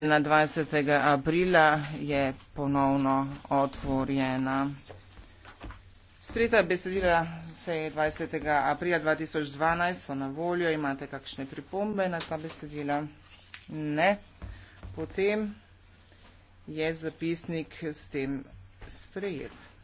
20. aprila je ponovno otvorjena. Sprita besedila se je 20. aprila 2012, so na voljo, imate kakšne pripombe na ta besedila? Ne. Potem je zapisnik s tem sprejet.